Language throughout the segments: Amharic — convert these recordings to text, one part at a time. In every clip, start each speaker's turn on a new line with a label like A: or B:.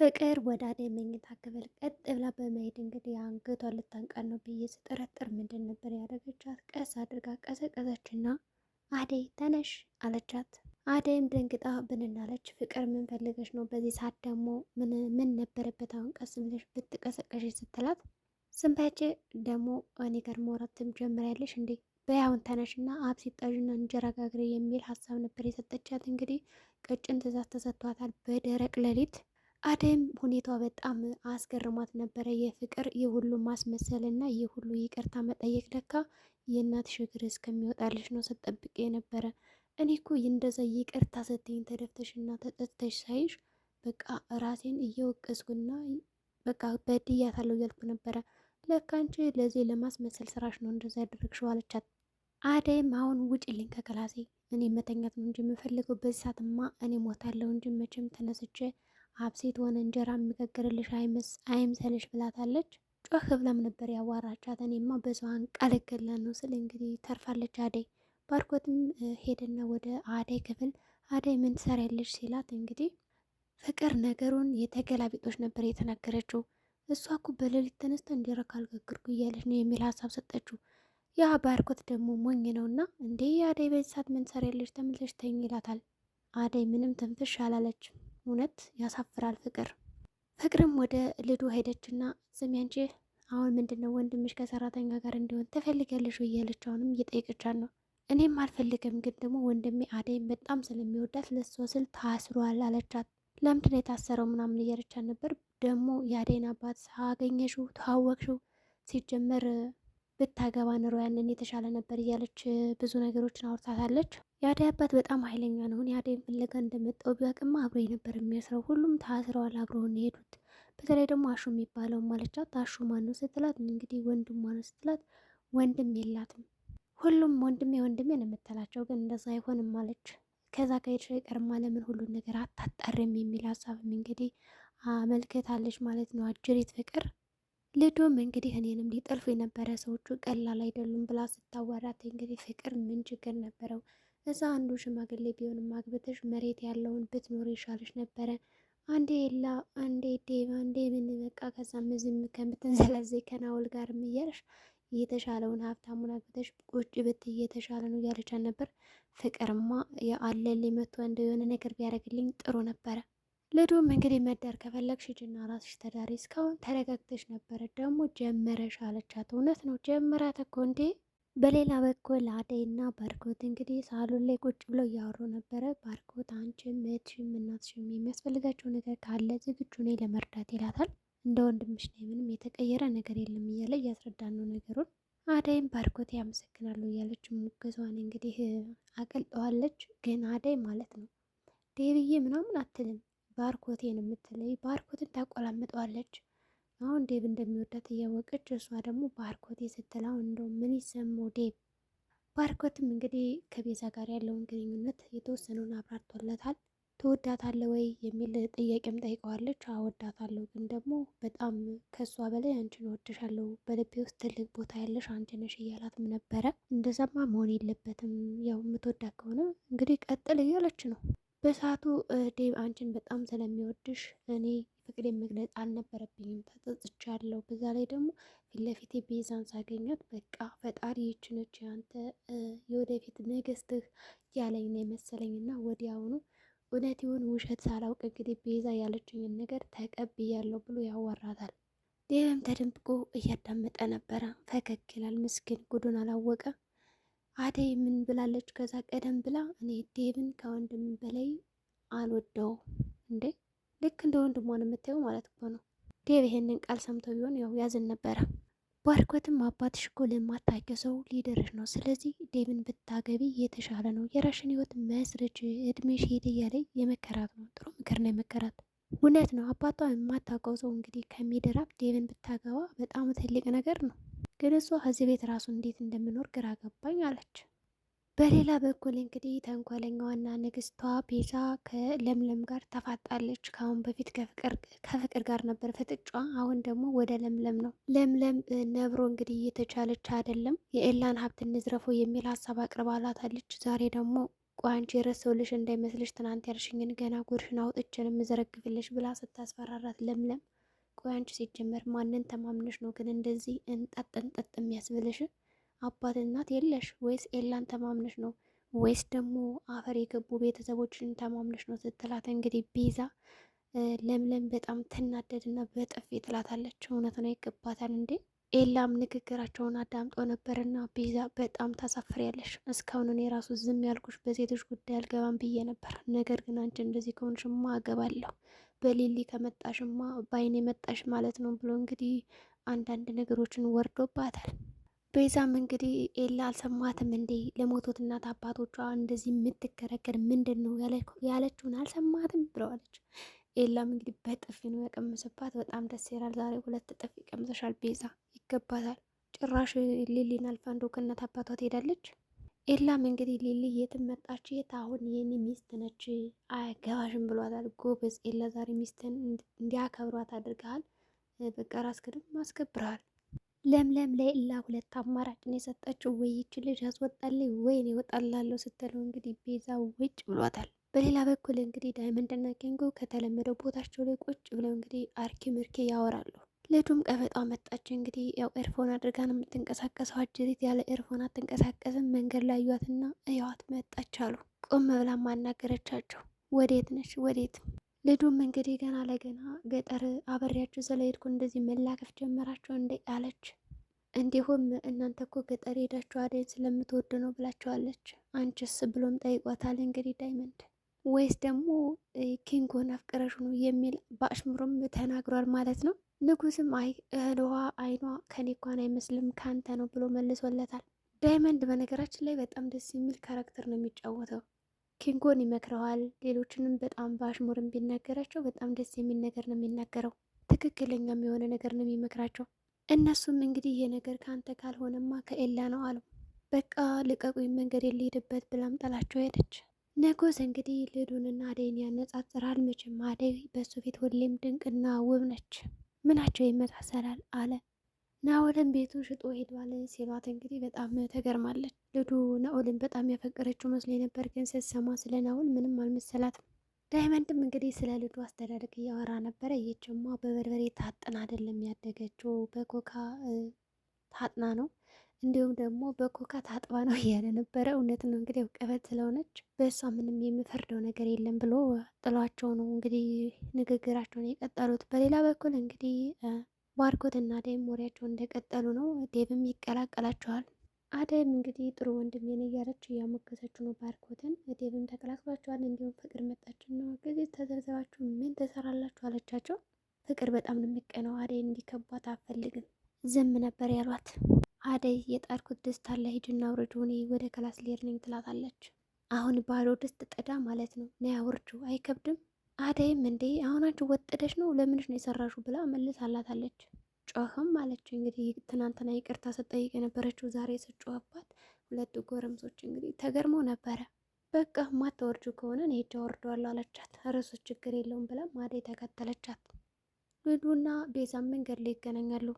A: ፍቅር ወደ አደይ መኝታ ክፍል ቀጥ ብላ በመሄድ እንግዲህ አንገቷ ልታንቃል ነው ብዬ ስጠረጥር ምንድን ነበር ያደረገቻት? ቀስ አድርጋ ቀሰቀሰችና አደይ ተነሽ አለቻት። አደይም ደንግጣ ብንናለች። ፍቅር ምን ፈልገሽ ነው? በዚህ ሰዓት ደግሞ ምን ነበረበት አሁን ቀስ ብለሽ ብትቀሰቀሽ ስትላት፣ ዝም ደግሞ እኔ ጋር ማውራት ትጀምሪያለሽ እንዴ? በያውን ተነሽና ሲጣዥና እንጀራ ጋግሬ የሚል ሀሳብ ነበር የሰጠቻት። እንግዲህ ቀጭን ትእዛዝ ተሰጥቷታል በደረቅ ሌሊት አደይም ሁኔታዋ በጣም አስገርሟት ነበረ። የፍቅር የሁሉ ማስመሰል እና የሁሉ ይቅርታ መጠየቅ ለካ የእናት ሽግር እስከሚወጣልሽ ነው ስጠብቅ የነበረ። እኔ እኮ እንደዛ ይቅርታ ስትይኝ ተደፍተሽ እና ተጠጥተሽ ሳይሽ በቃ ራሴን እየወቀስኩና በቃ በድያታለሁ እያልኩ ነበረ። ለካ አንቺ ለዚህ ለማስመሰል ስራሽ ነው እንደዛ ያደረግሽው አለቻት። አደይም አሁን ውጭልኝ ከክላሴ እኔ መተኛት ነው እንጂ የምፈልገው በዚህ ሰዓትማ እኔ ሞታለሁ እንጂ መቼም ተነስቼ አብሴት ሆነ እንጀራ የሚጋግርልሽ አይምሰልሽ ብላታለች። ጮህ ብላም ነበር ያዋራቻት። እኔማ በዛዋን ቀልግላ ነው ስል እንግዲህ ተርፋለች። አደይ ባርኮትም ሄደና ወደ አደይ ክፍል አደይ ምን ትሰሪያለሽ ሲላት እንግዲህ ፍቅር ነገሩን የተገላቢጦች ነበር የተናገረችው። እሷ እኮ በሌሊት ተነስታ እንጀራ ካልጋግርኩ እያለች ነው የሚል ሀሳብ ሰጠችው። ያ ባርኮት ደግሞ ሞኝ ነውና እንዴ አደይ በዚህ ሰዓት ምን ትሰሪያለሽ ተመልሰሽ ተኝ ይላታል። አደይ ምንም ትንፍሽ አላለችም። እውነት ያሳፍራል። ፍቅር ፍቅርም ወደ ልዱ ሄደችና ስሚ አንቺ አሁን ምንድን ነው ወንድምሽ ከሰራተኛ ጋር እንዲሆን ትፈልጊያለሽ እያለች አሁንም እየጠየቀቻት ነው። እኔም አልፈልግም፣ ግን ደግሞ ወንድሜ አደይም በጣም ስለሚወዳት ለሷ ስል ታስሯል አለቻት። ለምንድን ነው የታሰረው ምናምን እያለቻት ነበር። ደግሞ የአደይን አባት አገኘሽው? ታወቅሽው? ሲጀመር ብታገባ ኑሮ ያንን የተሻለ ነበር እያለች ብዙ ነገሮችን አውርታታለች። የአደይ አባት በጣም ኃይለኛ ነው። እኔ አደይን ፍለጋ እንደመጣው ቢያቅማ አብሮ ነበር የሚያስረው። ሁሉም ታስረዋል፣ አብረውን የሄዱት በተለይ ደግሞ አሹ የሚባለው ማለቻት። አሹ ማን ስትላት፣ እንግዲህ ወንድም ነው ስትላት፣ ወንድም የላትም ሁሉም ወንድሜ ወንድሜ ነው የምትላቸው፣ ግን እንደዛ አይሆንም አለች። ከዛ ከሄድሽ ቀርማ ለምን ሁሉን ነገር አታጣርም የሚል ሀሳብም እንግዲህ አመልክታለች ማለት ነው። አጅሬት ፍቅር ልዶም እንግዲህ እኔንም ሊጠልፉ የነበረ ሰዎቹ ቀላል አይደሉም ብላ ስታወራት እንግዲህ ፍቅር ምን ችግር ነበረው? እዛ አንዱ ሽማግሌ ቢሆንም አግብተሽ መሬት ያለውን ብትኖር ይሻልሽ ነበረ። አንዴ የላ አንዴ ዴቭ አንዴ ምን በቃ ከዛ ምዝም ከምትንዘለዘይ ከናውል ጋር እያለሽ የተሻለውን ሀብታሙን አግብተሽ ቁጭ ብትይ እየተሻለ ነው እያለቻን ነበር። ፍቅርማ የአለል መቶ እንደሆነ ነገር ቢያደርግልኝ ጥሩ ነበረ። ልዱም እንግዲህ መዳር ከፈለግሽ ሂጂና ራስሽ ተዳሪ፣ እስካሁን ተረጋግተሽ ነበረ ደግሞ ጀመረሽ አለቻት። እውነት ነው ጀመራት እኮ እንዴ። በሌላ በኩል አደይና ባርኮት እንግዲህ ሳሎን ላይ ቁጭ ብለው እያወሩ ነበረ። ባርኮት አንቺም እህትሽም እናትሽም የሚያስፈልጋቸው ነገር ካለ ዝግጁ ነኝ ለመርዳት ይላታል። እንደ ወንድምሽ ነው ምንም የተቀየረ ነገር የለም እያለ እያስረዳ ነው ነገሩን። አደይም ባርኮት ያመሰግናሉ እያለች ሙገዟን እንግዲህ አቀልጠዋለች። ግን አደይ ማለት ነው ዴብዬ ምናምን አትልም ባርኮቴን የምትለይ ባርኮቴን ታቆላምጠዋለች። አሁን ዴብ እንደሚወዳት እያወቀች እሷ ደግሞ ባርኮቴ ኮቴ አሁን እንደው ምን ይሰማው ዴብ። ባርኮትም እንግዲህ ከቤዛ ጋር ያለውን ግንኙነት የተወሰነውን አብራርቶለታል። ትወዳታለህ ወይ የሚል ጥያቄም ጠይቀዋለች። አወዳታለሁ፣ ግን ደግሞ በጣም ከእሷ በላይ አንቺን እወድሻለሁ፣ በልቤ ውስጥ ትልቅ ቦታ ያለሽ አንቺ ነሽ እያላትም ነበረ። እንደዛማ መሆን የለበትም ያው የምትወዳት ከሆነ እንግዲህ ቀጥል እያለች ነው። በሰዓቱ ዴቭ አንቺን በጣም ስለሚወድሽ እኔ ፍቅሬ መግለጽ አልነበረብኝም፣ ተጸጽቻለሁ። በዛ ላይ ደግሞ ፊት ለፊቴ ቤዛን ሳገኛት በቃ ፈጣሪ ይችነች ያንተ የወደፊት ነገስትህ ያለኝ ነው የመሰለኝ እና ወዲያውኑ እውነት ይሁን ውሸት ሳላውቅ እንግዲህ ቤዛ ያለችኝን ነገር ተቀብያለሁ ብሎ ያዋራታል። ዴቭም ተደምጥቆ እያዳመጠ ነበረ። ፈገግ ይላል። ምስኪን ጉዱን አላወቀ። አደይ ምን ብላለች? ከዛ ቀደም ብላ እኔ ዴብን ከወንድም በላይ አልወደው እንዴ ልክ እንደ ወንድሟን የምታየው ማለት እኮ ነው። ዴብ ይሄንን ቃል ሰምቶ ቢሆን ያው ያዝን ነበረ። ባርኮትም አባትሽ እኮ ለማታውቂው ሰው ሊደርሽ ነው። ስለዚህ ዴብን ብታገቢ የተሻለ ነው። የራሽን ህይወት መስርች፣ እድሜሽ ሄድ እያለ የመከራት ነው። ጥሩ ምክር ነው የመከራት። እውነት ነው አባቷ የማታውቀው ሰው እንግዲህ ከሚደራት ዴብን ብታገባ በጣም ትልቅ ነገር ነው። ግን እሷ ከዚህ ቤት ራሱ እንዴት እንደምኖር ግራ ገባኝ አለች። በሌላ በኩል እንግዲህ ተንኮለኛዋና ንግስቷ ቤዛ ከለምለም ጋር ተፋጣለች። ከአሁን በፊት ከፍቅር ጋር ነበር ፍጥጫ፣ አሁን ደግሞ ወደ ለምለም ነው። ለምለም ነብሮ እንግዲህ እየተቻለች አይደለም። የኤላን ሀብት እንዝረፈው የሚል ሀሳብ አቅርባላታለች። ዛሬ ደግሞ ቋንጭ የረሰውልሽ እንዳይመስልሽ ትናንት ያልሽኝን ገና ጉድሽን አውጥቼን የምዘረግፍልሽ ብላ ስታስፈራራት ለምለም ቆይ አንቺ ሲጀመር ማንን ተማምነሽ ነው ግን እንደዚህ እንጠጥ እንጠጥ የሚያስብልሽ? አባት እናት የለሽ ወይስ ኤላን ተማምነሽ ነው ወይስ ደግሞ አፈር የገቡ ቤተሰቦችን ተማምነሽ ነው ስትላት እንግዲህ ቤዛ ለምለም በጣም ትናደድና በጥፊ ትላታለች። እውነት ነው ይገባታል እንዴ? ኤላም ንግግራቸውን አዳምጦ ነበርና ቤዛ በጣም ያለሽ እስካሁን እኔ ራሱ ዝም ያልኩሽ በሴቶች ጉዳይ አልገባም ብዬ ነበር። ነገር ግን አንቺ እንደዚህ ከሆንሽማ አገባለሁ በሊሊ ከመጣሽማ በአይን የመጣሽ ማለት ነው ብሎ እንግዲህ አንዳንድ ነገሮችን ወርዶባታል። ቤዛም እንግዲህ ኤላ አልሰማትም እንዴ ለሞቶት እናት አባቶቿ እንደዚህ የምትከረከር ምንድን ነው ያለችውን አልሰማትም ብለዋለች። ኤላም እንግዲህ በጥፊ ነው ያቀምስባት። በጣም ደስ ይላል። ዛሬ ሁለት ጥፊ ቀምሰሻል ቤዛ፣ ይገባታል። ጭራሽ ሊሊን አልፋ እንደው ከእናት አባቷ ትሄዳለች። ኤላም እንግዲህ ሊሊ የትም መጣች፣ የት አሁን የኔ ሚስት ነች አያገባሽም ብሏታል። ጎበዝ ኤላ ዛሬ ሚስትን እንዲያከብሯት አድርገሃል። በቃ ራስክንም አስከብረሃል። ለምለም ለኤላ ሁለት አማራጭ ነው የሰጠችው። ወይ ይች ልጅ አስወጣልኝ ወይ እኔ እወጣላለሁ ስትለው እንግዲህ ቤዛ ውጭ ብሏታል። በሌላ በኩል እንግዲህ ዳይመንድና ኬንጎ ከተለመደው ቦታቸው ላይ ቁጭ ብለው እንግዲህ አርኪ ምርኪ ያወራሉ። ለዱም ቀበጣ መጣች። እንግዲህ ያው ኤርፎን አድርጋ ነው የምትንቀሳቀሰው። አጅሪት ያለ ኤርፎን አትንቀሳቀስም። መንገድ ላይ ያዩዋትና እያዋት መጣች አሉ። ቆም ብላ ማናገረቻቸው። ወዴት ነች? ወዴት ልዱም እንግዲህ ገና ለገና ገጠር አበሬያችሁ ስለሄድኩ እንደዚህ መላከፍ ጀመራቸው እንዴ አለች። እንዲሁም እናንተ እኮ ገጠር ሄዳችሁ አደይን ስለምትወድ ነው ብላቸዋለች። አንቺስ ብሎም ጠይቋታል። እንግዲህ ዳይመንድ ወይስ ደግሞ ኪንጎን አፍቅረሹ ነው የሚል በአሽሙሩም ተናግሯል ማለት ነው። ንጉስም አይ እህል ውሃ አይኗ ከኔ እንኳን አይመስልም ከአንተ ነው ብሎ መልሶለታል። ዳይመንድ በነገራችን ላይ በጣም ደስ የሚል ካራክተር ነው የሚጫወተው። ኪንጎን ይመክረዋል። ሌሎችንም በጣም በአሽሙርም ቢናገራቸው በጣም ደስ የሚል ነገር ነው የሚናገረው። ትክክለኛም የሆነ ነገር ነው የሚመክራቸው። እነሱም እንግዲህ ይሄ ነገር ከአንተ ካልሆነማ ከኤላ ነው አሉ። በቃ ልቀቁኝ፣ መንገድ የልሄድበት ብላም ጠላቸው ሄደች። ንጉስ እንግዲህ ልዱንና አደይን ያነጻጽራል። መቼም አደይ በእሱ ፊት ሁሌም ድንቅና ውብ ነች። ምናቸው ይመሳሰላል አለ ናኦልን ቤቱ ሽጦ ሄዷል ሲሏት እንግዲህ በጣም ተገርማለች። ልዱ ናኦልን በጣም ያፈቀረችው መስሎ የነበር ግን ስትሰማ ስለ ናኦል ምንም አልመሰላትም። ዳይመንድም እንግዲህ ስለ ልዱ አስተዳደግ እያወራ ነበረ። ይህችማ በበርበሬ ታጥና አይደለም ያደገችው በኮካ ታጥና ነው እንዲሁም ደግሞ በኮካ ታጥባ ነው እያለ ነበረ። እውነት ነው እንግዲህ እውቀበት ስለሆነች በእሷ ምንም የሚፈርደው ነገር የለም ብሎ ጥሏቸው ነው እንግዲህ ንግግራቸውን የቀጠሉት። በሌላ በኩል እንግዲህ ባርኮት እና ዴም ወሬያቸውን እንደቀጠሉ ነው። ዴብም ይቀላቀላቸዋል። አደይም እንግዲህ ጥሩ ወንድሜ ነው እያለች እያሞገሰችው ነው ባርኮትን። ዴብም ተቀላቅሏቸዋል። እንዲሁም ፍቅር መጣችን ነው ጊዜ ተዘርዝራችሁ ምን ተሰራላችሁ አለቻቸው። ፍቅር በጣም ነው የሚቀነው። አደይን እንዲከቧት አፈልግም ዝም ነበር ያሏት። አደይ የጣድኩት ድስት አለ ሂድና ውረድ፣ እኔ ወደ ክላስ ልሄድ ነኝ ትላታለች። አሁን ባዶ ድስት ጥዳ ማለት ነው። ነይ አውርጁ አይከብድም። አደይም እንዴ አሁናችሁ ወጥደሽ ነው ለምንሽ ነው የሰራሹ ብላ መልስ አላታለች። ጮህም አለች። እንግዲህ ትናንትና ይቅርታ ስትጠይቅ የነበረችው ዛሬ ስትጮህባት ሁለቱ ጎረምሶች እንግዲህ ተገርመው ነበረ። በቃ ማታወርጁ ከሆነ እኔ ሂጅ አወርደዋለሁ አለቻት። እርሱስ ችግር የለውም ብላም አደይ ተከተለቻት። ልዱና ቤዛ መንገድ ላይ ይገናኛሉ።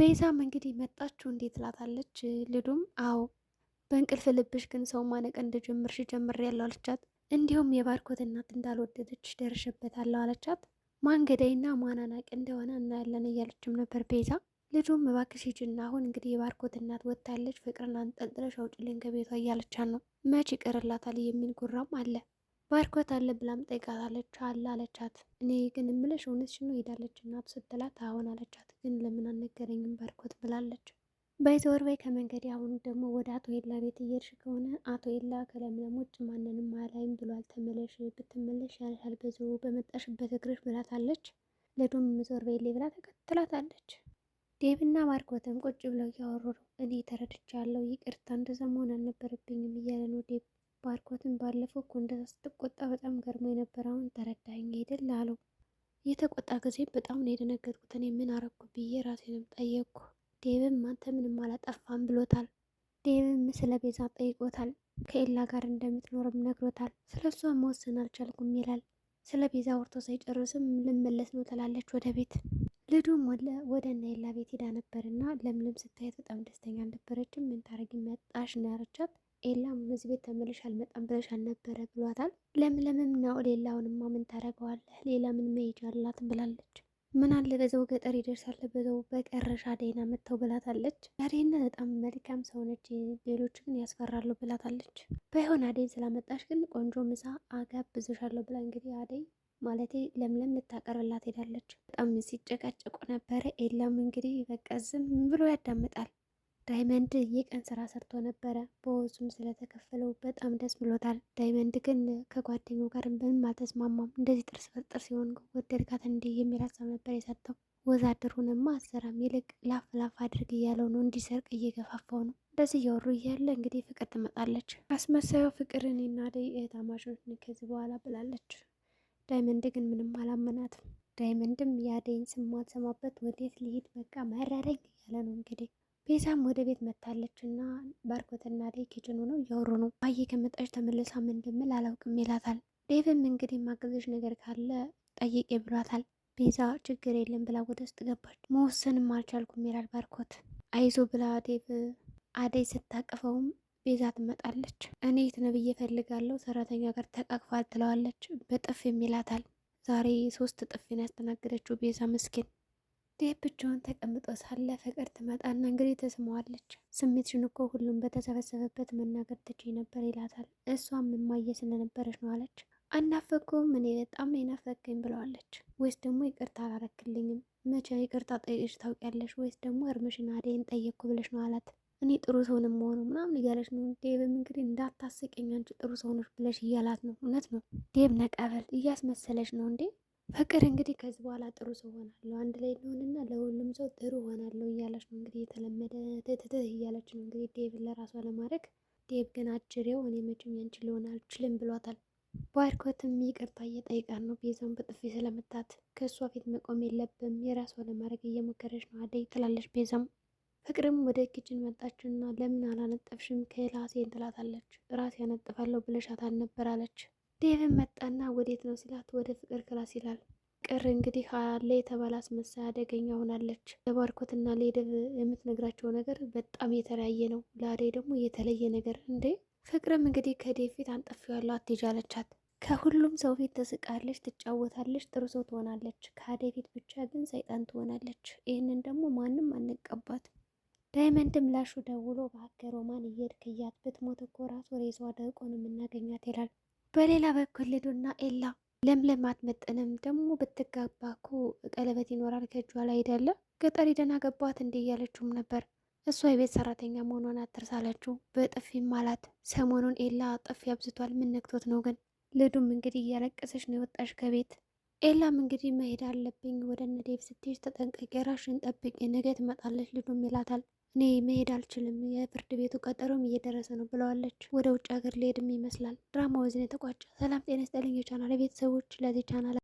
A: ቤዛም እንግዲህ መጣችሁ እንዴት ላታለች። ልዱም አዎ በእንቅልፍ ልብሽ ግን ሰው ማነቅ እንደጀምርሽ ጀምር ያለው አለቻት። እንዲሁም የባርኮት እናት እንዳልወደደች ደርሽበታለሁ አለቻት። ማንገዳይና ማናናቅ እንደሆነ እናያለን እያለችም ነበር ቤዛ። ልጁም እባክሽ ሂጂና አሁን እንግዲህ የባርኮት እናት ወጥታለች፣ ፍቅርን አንጠልጥለሽ አውጭልኝ ከቤቷ እያለቻት ነው። መች ይቀርላታል የሚል ጉራም አለ። ባርኮት አለ ብላም ጠይቃታለች። አለ አለቻት። እኔ ግን እምልሽ እውነትሽን ነው ሄዳለች እናቱ ስትላት አሁን አለቻት። ግን ለምን አልነገረኝም ባርኮት ብላለች። ባይተወር ወይ ከመንገድ አሁን ደግሞ ወደ አቶ ኤላ ቤት እየሄድሽ ከሆነ አቶ ኤላ ከለምለም ውጭ ማንንም አላይም ብሏል። ተመለሽ፣ ብትመለሽ ያልሻል ብዙ በመጣሽበት እግርሽ ብላታለች። ለዶም ዞር በይሌ ብላ ተከትላታለች። ዴብና ማርኮትም ቁጭ ብለው እያወሩ ነው። እኔ ተረድቻለሁ፣ ይቅርታ እንደዛ መሆን አልነበረብኝም እያለ ነው ዴብ ባርኮትን ባለፈው እኮ እንደዛ ስትቆጣ በጣም ገርሞ የነበረ አሁን ተረዳኝ አይደል አለው። የተቆጣ ጊዜ በጣም ነው የደነገጥኩት። እኔ ምን አረኩ ብዬ ራሴንም ጠየቅኩ። ዴብም አንተ ምንም አላጠፋም ብሎታል። ዴብም ስለ ቤዛ ጠይቆታል። ከኤላ ጋር እንደምትኖርም ነግሮታል። ስለ እሷ መወሰን አልቻልኩም ይላል። ስለ ቤዛ ወርቶ ሳይጨርስም ልመለስ ነው ትላለች ወደ ቤት። ልዱም ወደ እነ ኤላ ቤት ሄዳ ነበር እና ለምለም ስታየት በጣም ደስተኛ አልነበረችም። ምን ታረጊ መጣሽ ነው ያረቻት። ኤላም እዚህ ቤት ተመልሽ አልመጣም ብለሽ አልነበረ ብሏታል። ለምለምም ነው ሌላውንማ ምን ታደርገዋለህ? ሌላ ምን መሄጃ አላት ብላለች። ምን አለ በዛው ገጠር ይደርሳል በዛው በቀረሻ አደይና መጥተው ብላታለች። ያሬነ በጣም መልካም ሰው ነች፣ ሌሎች ግን ያስፈራሉ ብላታለች። ባይሆን አደይን ስላመጣሽ ግን ቆንጆ ምሳ አጋብዝሻለሁ ብላ እንግዲህ አደይ ማለቴ ለምለም ልታቀርብላት ሄዳለች። በጣም ሲጨቃጨቁ ነበረ። ኤላም እንግዲህ በቃ ዝም ብሎ ያዳምጣል። ዳይመንድ የቀን ስራ ሰርቶ ነበረ። በወዙም ስለተከፈለው በጣም ደስ ብሎታል። ዳይመንድ ግን ከጓደኛው ጋር ምንም አልተስማማም። እንደዚህ ጥርስ በጥርስ ሲሆን ወደድካት እንዴ የሚል ሀሳብ ነበር የሰጠው። ወዛደሩንማ አሰራም ይልቅ ላፍ ላፍ አድርግ እያለው ነው፣ እንዲሰርቅ እየገፋፋው ነው። እንደዚህ እያወሩ እያለ እንግዲህ ፍቅር ትመጣለች። አስመሳዩ ፍቅር እኔና አደይ እህትማማቾች ከዚህ በኋላ ብላለች። ዳይመንድ ግን ምንም አላመናትም። ዳይመንድም የአደይን ስም ማልሰማበት ወዴት ሊሄድ በቃ መረረኝ እያለ ነው እንግዲህ ቤዛም ወደ ቤት መታለች እና ባርኮትና ላይ ኪችኑ ነው እያወሩ ነው። አየ ከመጣች ተመልሳ ምን እንደምል አላውቅም ይላታል። ዴቭም እንግዲህ ማገዘሽ ነገር ካለ ጠይቄ ብሏታል። ቤዛ ችግር የለም ብላ ወደ ውስጥ ገባች። መወሰንም አልቻልኩም ይላል ባርኮት። አይዞ ብላ ዴቭ አደይ ስታቅፈውም ቤዛ ትመጣለች። እኔ የት ነብዬ ሰራተኛ ጋር ተቃቅፋል ትለዋለች። በጥፍም ይላታል። ዛሬ ሶስት ጥፍን ያስተናገደችው ቤዛ ምስኪን ዴቭ ብቻውን ተቀምጦ ሳለ ፍቅር ትመጣና እንግዲህ ትስመዋለች። ስሜትሽን እኮ ሁሉም በተሰበሰበበት መናገር ትችይ ነበር ይላታል። እሷም እማዬ ስለነበረች ነው አለች። አናፈኩም እኔ በጣም ነው የናፈከኝ ብለዋለች። ወይስ ደግሞ ይቅርታ አላረክልኝም? መቼ ይቅርታ ጠይቅሽ ታውቂያለሽ? ወይስ ደግሞ እርምሽን አደይን ጠየቅኩ ብለሽ ነው አላት። እኔ ጥሩ ሰውንም መሆኑ ምናምን እያለች ነው። ዴብም እንግዲህ እንዳታስቀኝ አንቺ ጥሩ ሰውነች ብለሽ እያላት ነው። እውነት ነው ዴብ ነቀበል እያስመሰለች ነው እንዴ ፍቅር እንግዲህ ከዚህ በኋላ ጥሩ ሰው ሆናለሁ አንድ ላይ ልሆንና ለሁሉም ሰው ጥሩ ሆናለሁ እያለች ነው እንግዲህ የተለመደ ትትት እያለች ነው እንግዲህ ዴቭ ለራሷ ለማድረግ ዴቭ ግን አጅሬው እኔ መቼም ያንቺ ልሆን አልችልም ብሏታል። ባርኮትም ይቅርታ እየጠየቃት ነው ቤዛን በጥፊ ስለመታት ከእሷ ፊት መቆም የለብም የራሷ ለማድረግ እየሞከረች ነው አደይ ትላለች ቤዛም ፍቅርም ወደ ኪችን መጣችና ለምን አላነጠፍሽም ከላሴን ትላታለች ራሴ ያነጥፋለሁ ብለሻት አልነበር አለች ዴቭን መጣና ወዴት ነው ሲላት ወደ ፍቅር ክላስ ይላል። ቅር እንግዲህ አለ የተባለ አስመሳይ አደገኛ ሆናለች። ለባርኮትና ለዴቭ የምትነግራቸው ነገር በጣም የተለያየ ነው። ለአዴ ደግሞ የተለየ ነገር እንዴ። ፍቅርም እንግዲህ ከዴቭ ፊት አንጠፊዋለሁ አትሄጂ አለቻት። ከሁሉም ሰው ፊት ትስቃለች፣ ትጫወታለች፣ ጥሩ ሰው ትሆናለች። ከአዴ ፊት ብቻ ግን ሰይጣን ትሆናለች። ይህንን ደግሞ ማንም አንቀባትም። ዳይመንድም ላሹ ደውሎ በሀገር ሮማን እየሄድክ እያት ብትሞት እኮ ራሱ ሬሷ ደርቆ ነው የምናገኛት ይላል። በሌላ በኩል ልዱና ኤላ ለምለም አትመጠንም ደግሞ ብትጋባ እኮ ቀለበት ይኖራል ከእጇ ላይ አይደለ ገጠር ደህና ገባት እንዴ እያለችውም ነበር። እሷ የቤት ሰራተኛ መሆኗን አትርሳለችው በጥፊም አላት። ሰሞኑን ኤላ ጥፊ አብዝቷል። ምን ነክቶት ነው ግን? ልዱም እንግዲህ እያለቀሰች ነው የወጣሽ ከቤት። ኤላም እንግዲህ መሄድ አለብኝ ወደ ነዴብ ስትሄጅ ተጠንቀቂ፣ ራሽን ጠብቂ፣ ነገ ትመጣለች ልዱም ይላታል። እኔ መሄድ አልችልም፣ የፍርድ ቤቱ ቀጠሮም እየደረሰ ነው ብለዋለች። ወደ ውጭ ሀገር ሊሄድም ይመስላል። ድራማው በዚህ ነው የተቋጨ። ሰላም ጤና ይስጥልኝ የቻናል ቤተሰቦች ለዚህ ቻናል